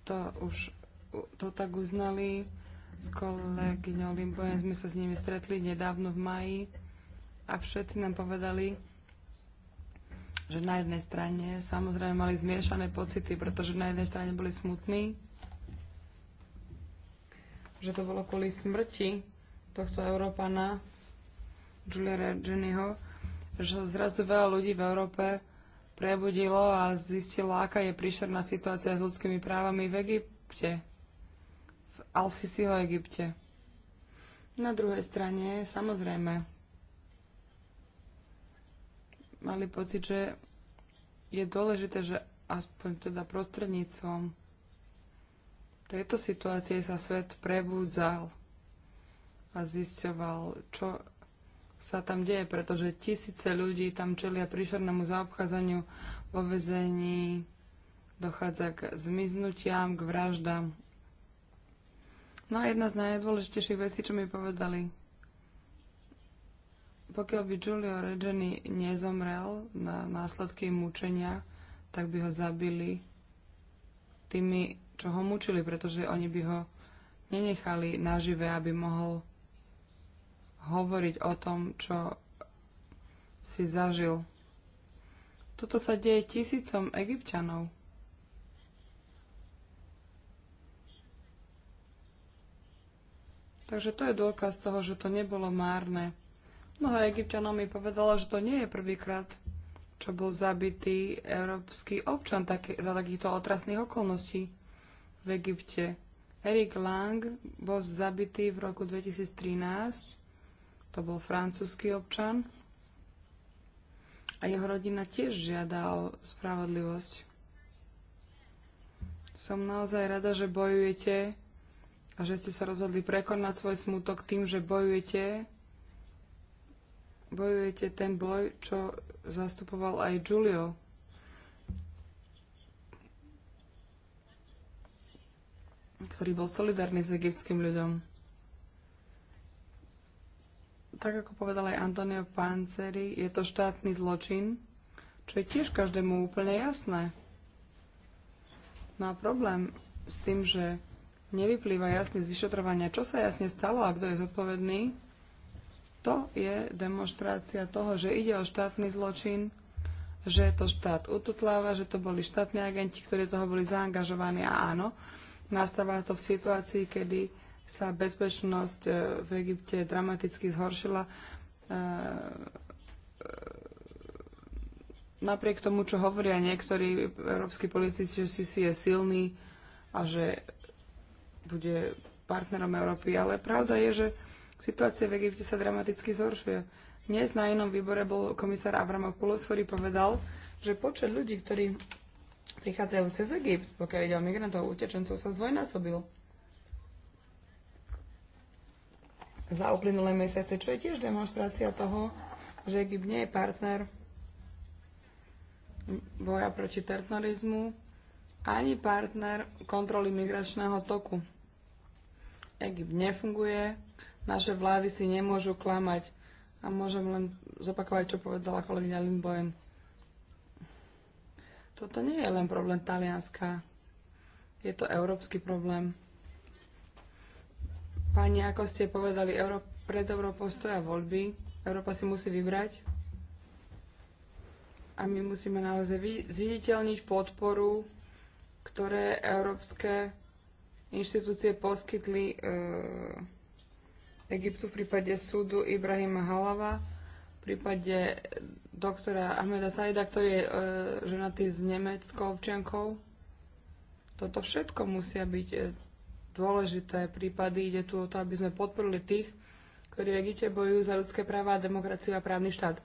S3: to už to tak uznali. S kolegyňou Limbojem sme sa s nimi stretli nedávno v maji a všetci nám povedali, že na jednej strane samozrejme mali zmiešané pocity, pretože na jednej strane boli smutní, že to bolo kvôli smrti tohto Európana Julia Jennyho, že zrazu veľa ľudí v Európe prebudilo a zistilo, aká je príšerná situácia s ľudskými právami v Egypte, v Al-Sisiho Egypte. Na druhej strane, samozrejme, mali pocit, že je dôležité, že aspoň teda prostredníctvom tejto situácie sa svet prebudzal a zisťoval, čo sa tam deje, pretože tisíce ľudí tam čelia príšernému zaobchádzaniu vo vezení, dochádza k zmiznutiam, k vraždám. No a jedna z najdôležitejších vecí, čo mi povedali, pokiaľ by Giulio Regeni nezomrel na následky mučenia, tak by ho zabili tými, čo ho mučili, pretože oni by ho nenechali nažive, aby mohol hovoriť o tom, čo si zažil. Toto sa deje tisícom egyptianov. Takže to je dôkaz toho, že to nebolo márne. Mnoho egyptianov mi povedalo, že to nie je prvýkrát, čo bol zabitý európsky občan také, za takýchto otrasných okolností v Egypte. Erik Lang bol zabitý v roku 2013 to bol francúzsky občan a jeho rodina tiež žiada o spravodlivosť. Som naozaj rada, že bojujete a že ste sa rozhodli prekonať svoj smutok tým, že bojujete bojujete ten boj, čo zastupoval aj Giulio. ktorý bol solidárny s egyptským ľuďom tak ako povedal aj Antonio Panceri, je to štátny zločin, čo je tiež každému úplne jasné. No a problém s tým, že nevyplýva jasne z vyšetrovania, čo sa jasne stalo a kto je zodpovedný, to je demonstrácia toho, že ide o štátny zločin, že to štát ututláva, že to boli štátni agenti, ktorí toho boli zaangažovaní a áno, nastáva to v situácii, kedy sa bezpečnosť e, v Egypte dramaticky zhoršila. E, e, napriek tomu, čo hovoria niektorí európsky politici, že Sisi je silný a že bude partnerom Európy, ale pravda je, že situácia v Egypte sa dramaticky zhoršuje. Dnes na inom výbore bol komisár Avramopoulos, ktorý povedal, že počet ľudí, ktorí prichádzajú cez Egypt, pokiaľ ide o migrantov, utečencov, sa zdvojnásobil. za uplynulé mesiace, čo je tiež demonstrácia toho, že Egypt nie je partner boja proti terorizmu ani partner kontroly migračného toku. Egypt nefunguje, naše vlády si nemôžu klamať a môžem len zopakovať, čo povedala kolegyňa Lindboyen. Toto nie je len problém Talianska, je to európsky problém. Pani, ako ste povedali, Európ- pred Európou stoja voľby. Európa si musí vybrať. A my musíme naozaj zviditeľniť podporu, ktoré európske inštitúcie poskytli e, Egyptu v prípade súdu Ibrahima Halava, v prípade doktora Ahmeda Saida, ktorý je e, ženatý s nemeckou občiankou. Toto všetko musia byť e, dôležité prípady. Ide tu o to, aby sme podporili tých, ktorí v Egypte bojujú za ľudské práva, demokraciu a právny štát.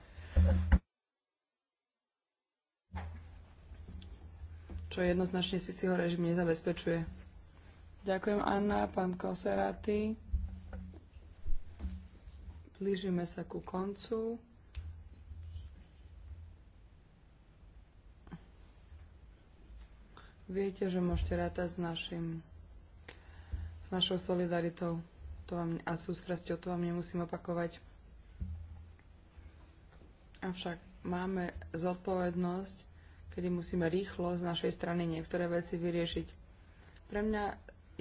S3: Čo jednoznačne si si ho režim nezabezpečuje. Ďakujem, Anna, pán Koseraty. Blížime sa ku koncu. Viete, že môžete rátať s našim s našou solidaritou to vám, a sústrasťou, to vám nemusím opakovať. Avšak máme zodpovednosť, kedy musíme rýchlo z našej strany niektoré veci vyriešiť. Pre mňa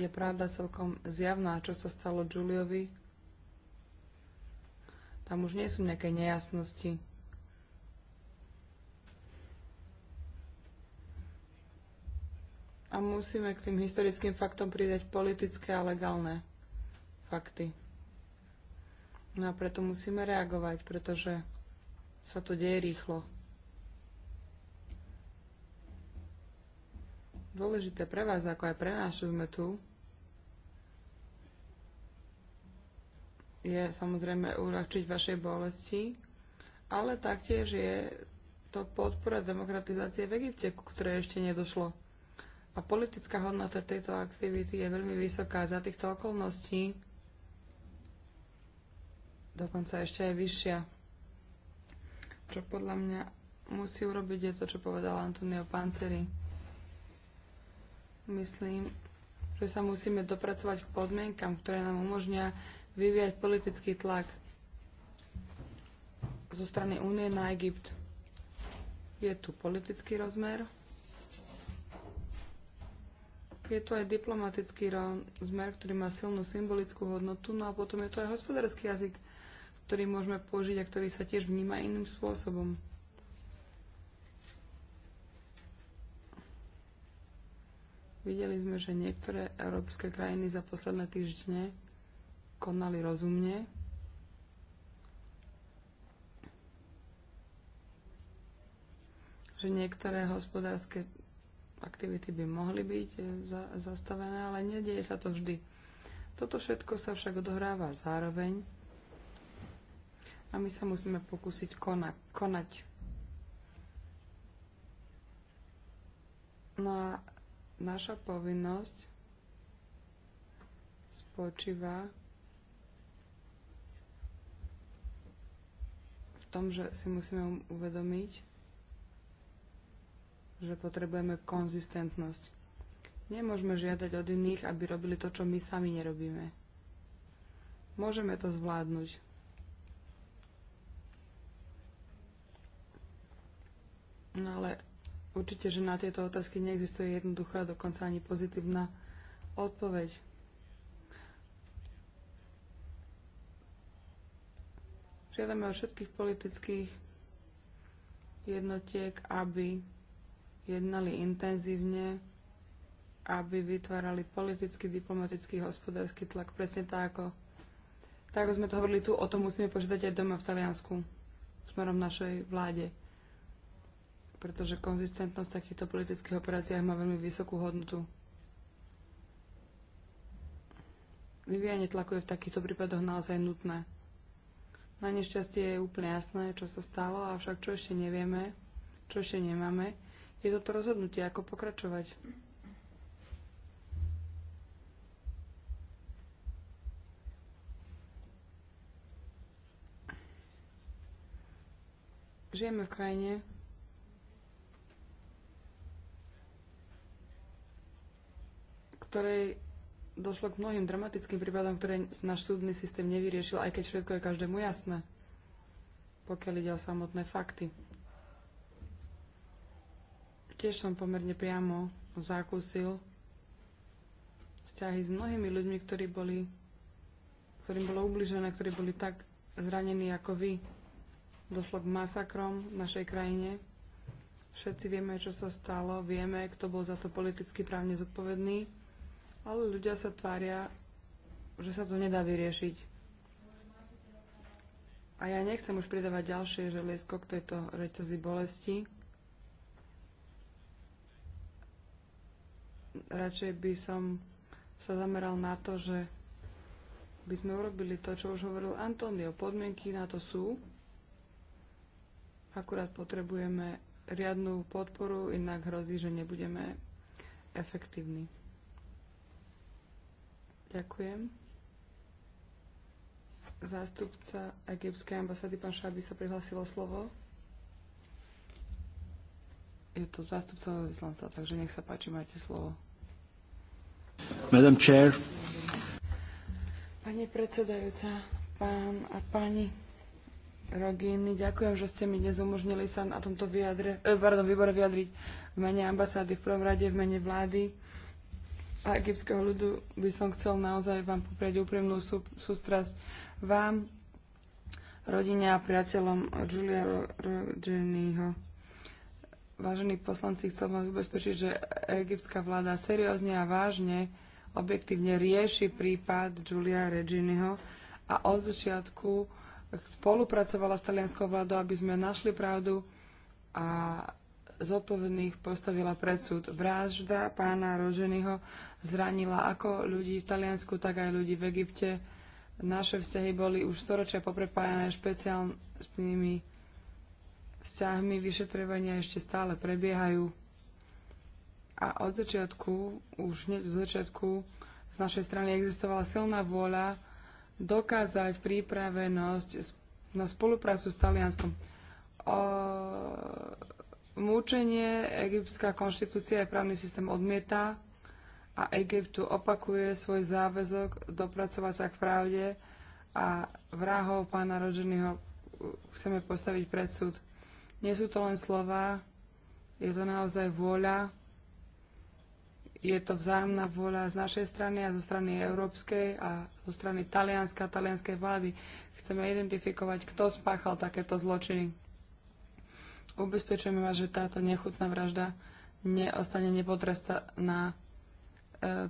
S3: je pravda celkom zjavná, čo sa stalo Juliovi. Tam už nie sú nejaké nejasnosti. a musíme k tým historickým faktom pridať politické a legálne fakty. No a preto musíme reagovať, pretože sa to deje rýchlo. Dôležité pre vás, ako aj pre nás, čo sme tu, je samozrejme uľahčiť vašej bolesti, ale taktiež je to podpora demokratizácie v Egypte, ku ktorej ešte nedošlo a politická hodnota tejto aktivity je veľmi vysoká za týchto okolností, dokonca ešte aj vyššia. Čo podľa mňa musí urobiť je to, čo povedal Antonio Panceri. Myslím, že sa musíme dopracovať k podmienkam, ktoré nám umožnia vyvíjať politický tlak zo strany únie na Egypt. Je tu politický rozmer, je to aj diplomatický rozmer, ktorý má silnú symbolickú hodnotu, no a potom je to aj hospodársky jazyk, ktorý môžeme použiť a ktorý sa tiež vníma iným spôsobom. Videli sme, že niektoré európske krajiny za posledné týždne konali rozumne. Že niektoré hospodárske aktivity by mohli byť e, za, zastavené, ale nedieje sa to vždy. Toto všetko sa však odohráva zároveň a my sa musíme pokúsiť kona, konať. No a naša povinnosť spočíva v tom, že si musíme uvedomiť, že potrebujeme konzistentnosť. Nemôžeme žiadať od iných, aby robili to, čo my sami nerobíme. Môžeme to zvládnuť. No ale určite, že na tieto otázky neexistuje jednoduchá, dokonca ani pozitívna odpoveď. Žiadame od všetkých politických jednotiek, aby jednali intenzívne, aby vytvárali politický, diplomatický, hospodársky tlak. Presne tak, ako, tak ako sme to hovorili tu, o tom musíme požiadať aj doma v Taliansku, smerom našej vláde. Pretože konzistentnosť v takýchto politických operáciách má veľmi vysokú hodnotu. Vyvíjanie tlaku je v takýchto prípadoch naozaj nutné. Na nešťastie je úplne jasné, čo sa stalo, avšak čo ešte nevieme, čo ešte nemáme, je toto rozhodnutie, ako pokračovať. Žijeme v krajine, ktorej došlo k mnohým dramatickým prípadom, ktoré náš súdny systém nevyriešil, aj keď všetko je každému jasné, pokiaľ ide o samotné fakty. Tiež som pomerne priamo zakúsil vzťahy s mnohými ľuďmi, ktorí boli, ktorým bolo ubližené, ktorí boli tak zranení ako vy. Došlo k masakrom v našej krajine. Všetci vieme, čo sa stalo, vieme, kto bol za to politicky právne zodpovedný, ale ľudia sa tvária, že sa to nedá vyriešiť. A ja nechcem už pridávať ďalšie želiesko k tejto reťazi bolesti. radšej by som sa zameral na to, že by sme urobili to, čo už hovoril Antonio. Podmienky na to sú. Akurát potrebujeme riadnu podporu, inak hrozí, že nebudeme efektívni. Ďakujem. Zástupca egyptskej ambasády, pán Šabi, sa prihlásilo slovo je to zástupca veľvyslanca, takže nech sa páči, máte slovo.
S2: Madam Chair.
S3: Pani predsedajúca, pán a pani Roginy, ďakujem, že ste mi dnes umožnili sa na tomto vyjadre, eh, pardon, výbore vyjadriť v mene ambasády, v prvom rade v mene vlády a egyptského ľudu by som chcel naozaj vám poprieť úprimnú sú, sústrasť vám, rodine a priateľom Julia Roginiho. Ro- Vážení poslanci, chcem vás ubezpečiť, že egyptská vláda seriózne a vážne objektívne rieši prípad Julia Reginiho a od začiatku spolupracovala s talianskou vládou, aby sme našli pravdu a zodpovedných postavila pred súd. Vražda pána Roženyho zranila ako ľudí v Taliansku, tak aj ľudí v Egypte. Naše vzťahy boli už storočia poprepájané špeciálnymi vzťahmi vyšetrovania ešte stále prebiehajú. A od začiatku, už hneď od začiatku, z našej strany existovala silná vôľa dokázať prípravenosť na spoluprácu s Talianskom. O, múčenie egyptská konštitúcia a právny systém odmieta a Egyptu opakuje svoj záväzok dopracovať sa k pravde a vrahov pána Rodženého chceme postaviť pred súd. Nie sú to len slova, je to naozaj vôľa, je to vzájomná vôľa z našej strany a zo strany európskej a zo strany talianska, a talianskej vlády. Chceme identifikovať, kto spáchal takéto zločiny. Ubezpečujeme vás, že táto nechutná vražda neostane nepotrestaná. E,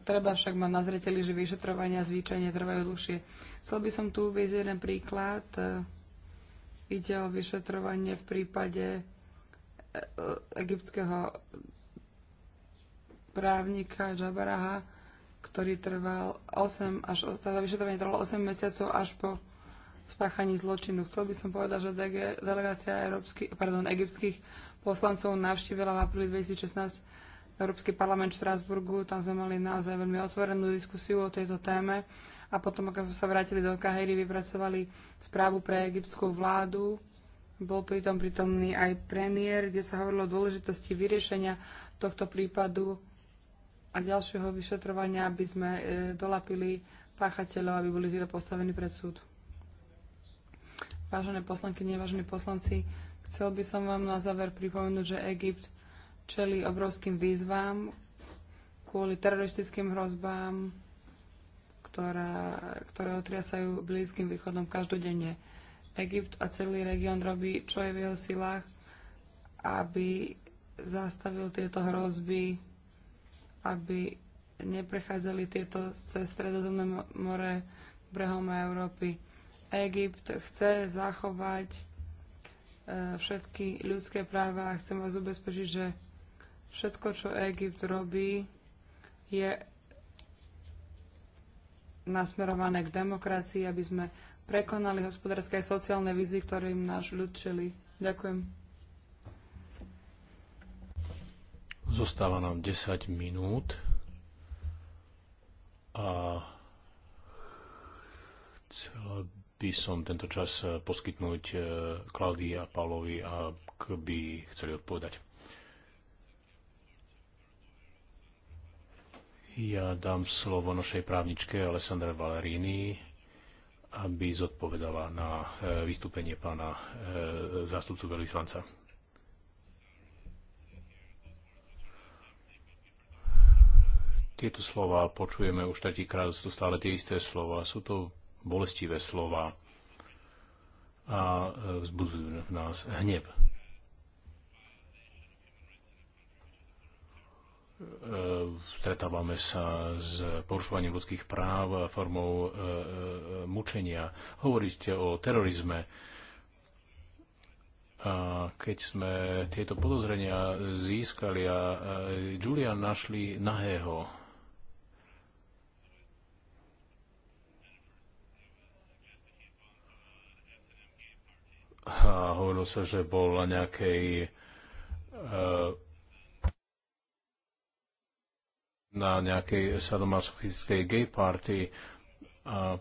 S3: treba však mať nazreteli, že vyšetrovania zvyčajne trvajú dlhšie. Chcel by som tu uvieť jeden príklad. E, Ide o vyšetrovanie v prípade e, egyptského právnika Jabaraha, ktorý trval 8 až, teda vyšetrovanie trvalo 8 mesiacov až po spáchaní zločinu. Chcel by som povedať, že delegácia európsky, pardon, egyptských poslancov navštívila v apríli 2016 Európsky parlament v Štrásburgu, tam sme mali naozaj veľmi otvorenú diskusiu o tejto téme a potom, ako sa vrátili do Kahery, vypracovali správu pre egyptskú vládu. Bol pritom pritomný aj premiér, kde sa hovorilo o dôležitosti vyriešenia tohto prípadu a ďalšieho vyšetrovania, aby sme e, dolapili páchateľov, aby boli títo postavení pred súd. Vážené poslanky, vážení poslanci, chcel by som vám na záver pripomenúť, že Egypt čeli obrovským výzvám kvôli teroristickým hrozbám, ktorá, ktoré otriasajú Blízkym východom každodenne. Egypt a celý región robí, čo je v jeho silách, aby zastavil tieto hrozby, aby neprechádzali tieto cez Stredozemné more brehom Európy. Egypt chce zachovať eh, všetky ľudské práva a chcem vás ubezpečiť, že Všetko, čo Egypt robí, je nasmerované k demokracii, aby sme prekonali hospodárske a sociálne výzvy, ktorým náš ľud čeli. Ďakujem.
S2: Zostáva nám 10 minút a chcel by som tento čas poskytnúť eh, Klaudii a Pavlovi, ak by chceli odpovedať. Ja dám slovo našej právničke Alessandra Valerini, aby zodpovedala na e, vystúpenie pána e, zástupcu veľvyslanca. Tieto slova počujeme už tretíkrát, sú to stále tie isté slova, sú to bolestivé slova a e, vzbudzujú v nás hnev. E, stretávame sa s porušovaním ľudských práv a formou e, e, mučenia. Hovoríte o terorizme. A keď sme tieto podozrenia získali a Julian našli nahého, a hovorilo sa, že bol na nejakej uh, na nejakej sadomasochistickej gay party a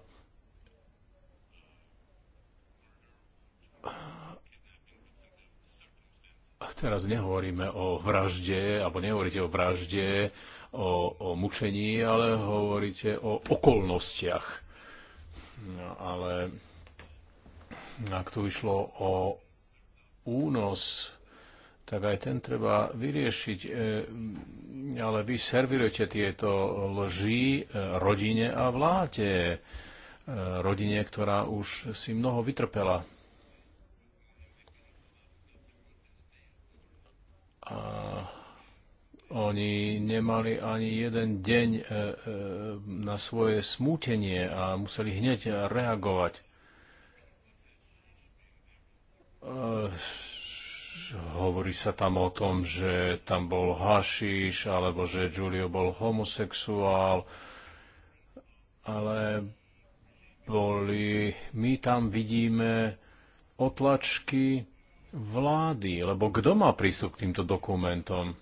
S2: teraz nehovoríme o vražde, alebo nehovoríte o vražde, o, o mučení, ale hovoríte o okolnostiach. No, ale ak tu išlo o únos tak aj ten treba vyriešiť. E, ale vy servirujete tieto lži e, rodine a vláde. E, rodine, ktorá už si mnoho vytrpela. A oni nemali ani jeden deň na svoje smútenie a museli hneď reagovať hovorí sa tam o tom, že tam bol hašiš, alebo že Giulio bol homosexuál, ale boli, my tam vidíme otlačky vlády, lebo kto má prístup k týmto dokumentom?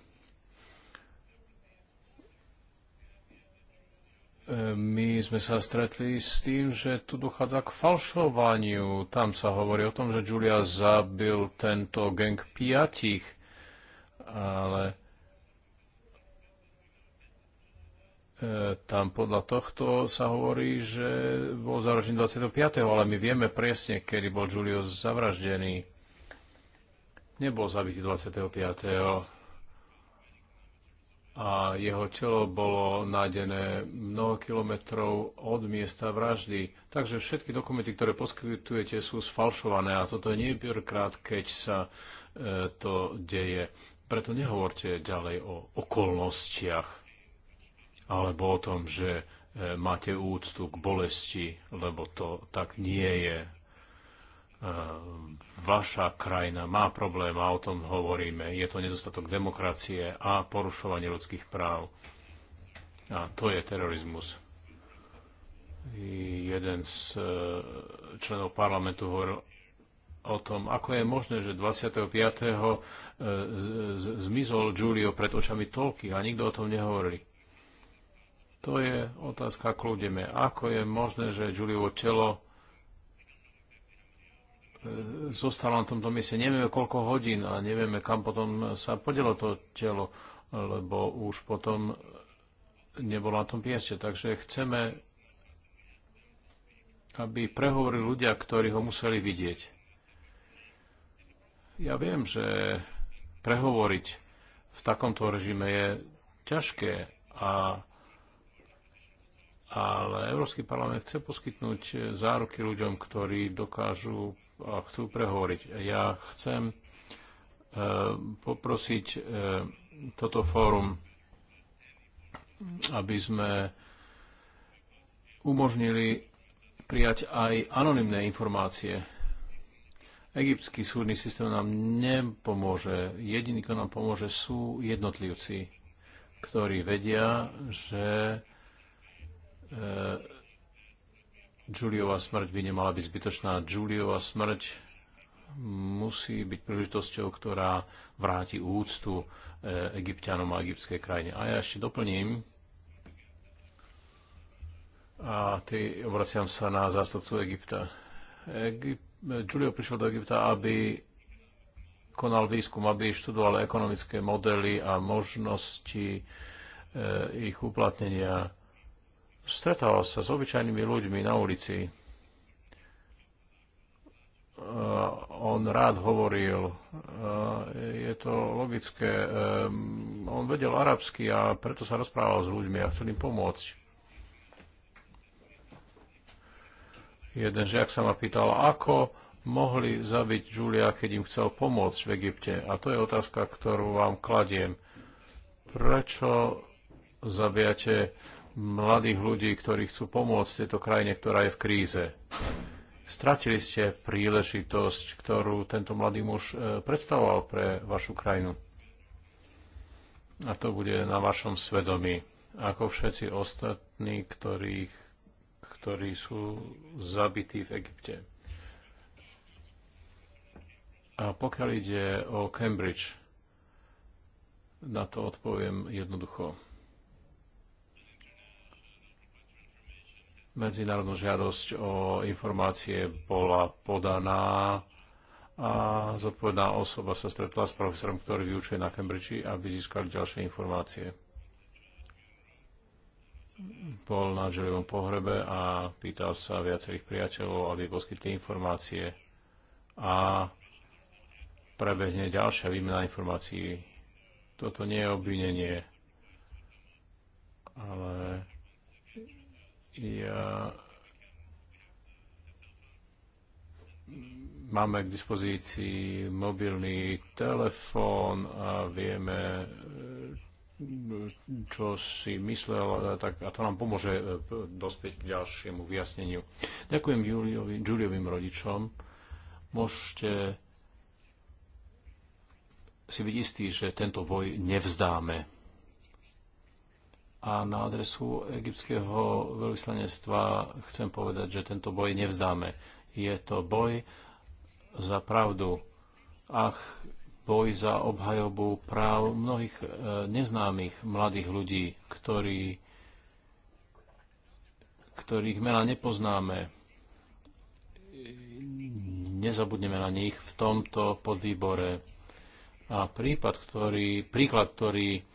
S2: my sme sa stretli s tým, že tu dochádza k falšovaniu. Tam sa hovorí o tom, že Julia zabil tento gang piatich, ale e, tam podľa tohto sa hovorí, že bol zavraždený 25. ale my vieme presne, kedy bol Julius zavraždený. Nebol zabitý 25 a jeho telo bolo nájdené mnoho kilometrov od miesta vraždy. Takže všetky dokumenty, ktoré poskytujete, sú sfalšované a toto nie je prvýkrát, keď sa e, to deje. Preto nehovorte ďalej o okolnostiach alebo o tom, že e, máte úctu k bolesti, lebo to tak nie je vaša krajina má problém a o tom hovoríme. Je to nedostatok demokracie a porušovanie ľudských práv. A to je terorizmus. Jeden z e, členov parlamentu hovoril o tom, ako je možné, že 25. E, zmizol Giulio pred očami toľky a nikto o tom nehovorí. To je otázka, ako ľudeme. Ako je možné, že Giulio telo E, zostala na tomto mieste. Nevieme, koľko hodín a nevieme, kam potom sa podelo to telo, lebo už potom nebolo na tom mieste. Takže chceme, aby prehovorili ľudia, ktorí ho museli vidieť. Ja viem, že prehovoriť v takomto režime je ťažké a ale Európsky parlament chce poskytnúť záruky ľuďom, ktorí dokážu a chcú prehovoriť. Ja chcem e, poprosiť e, toto fórum, aby sme umožnili prijať aj anonimné informácie. Egyptský súdny systém nám nepomôže. Jediný, kto nám pomôže, sú jednotlivci, ktorí vedia, že e, Juliova smrť by nemala byť zbytočná. Juliova smrť musí byť príležitosťou, ktorá vráti úctu e, egyptianom a egyptskej krajine. A ja ešte doplním, a ty obraciam sa na zástupcu Egypta. Egypt, Giulio prišiel do Egypta, aby konal výskum, aby študoval ekonomické modely a možnosti e, ich uplatnenia stretáva sa s obyčajnými ľuďmi na ulici. E, on rád hovoril, e, je to logické, e, on vedel arabsky a preto sa rozprával s ľuďmi a chcel im pomôcť. Jeden žiak sa ma pýtal, ako mohli zabiť Julia, keď im chcel pomôcť v Egypte. A to je otázka, ktorú vám kladiem. Prečo zabijate mladých ľudí, ktorí chcú pomôcť tejto krajine, ktorá je v kríze. Stratili ste príležitosť, ktorú tento mladý muž e, predstavoval pre vašu krajinu. A to bude na vašom svedomí, ako všetci ostatní, ktorých, ktorí sú zabití v Egypte. A pokiaľ ide o Cambridge, na to odpoviem jednoducho. medzinárodnú žiadosť o informácie bola podaná a zodpovedná osoba sa stretla s profesorom, ktorý vyučuje na Cambridge, aby získali ďalšie informácie. Bol na Joevom pohrebe a pýtal sa viacerých priateľov, aby poskytli informácie a prebehne ďalšia výmena informácií. Toto nie je obvinenie, ale ja máme k dispozícii mobilný telefón a vieme, e, čo si myslel, e, tak a to nám pomôže e, dospieť k ďalšiemu vyjasneniu. Ďakujem Juliovi, Juliovým rodičom. Môžete si byť istý, že tento boj nevzdáme. A na adresu egyptského veľvyslanectva chcem povedať, že tento boj nevzdáme. Je to boj za pravdu. Ach, boj za obhajobu práv mnohých e, neznámych mladých ľudí, ktorí, ktorých mena nepoznáme. Nezabudneme na nich v tomto podvýbore. A prípad, ktorý, príklad, ktorý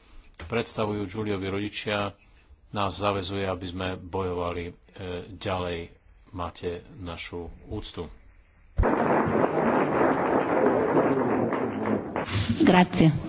S2: predstavujú Giuliovi rodičia, nás zavezuje, aby sme bojovali e, ďalej. Máte našu úctu.
S4: Grazie.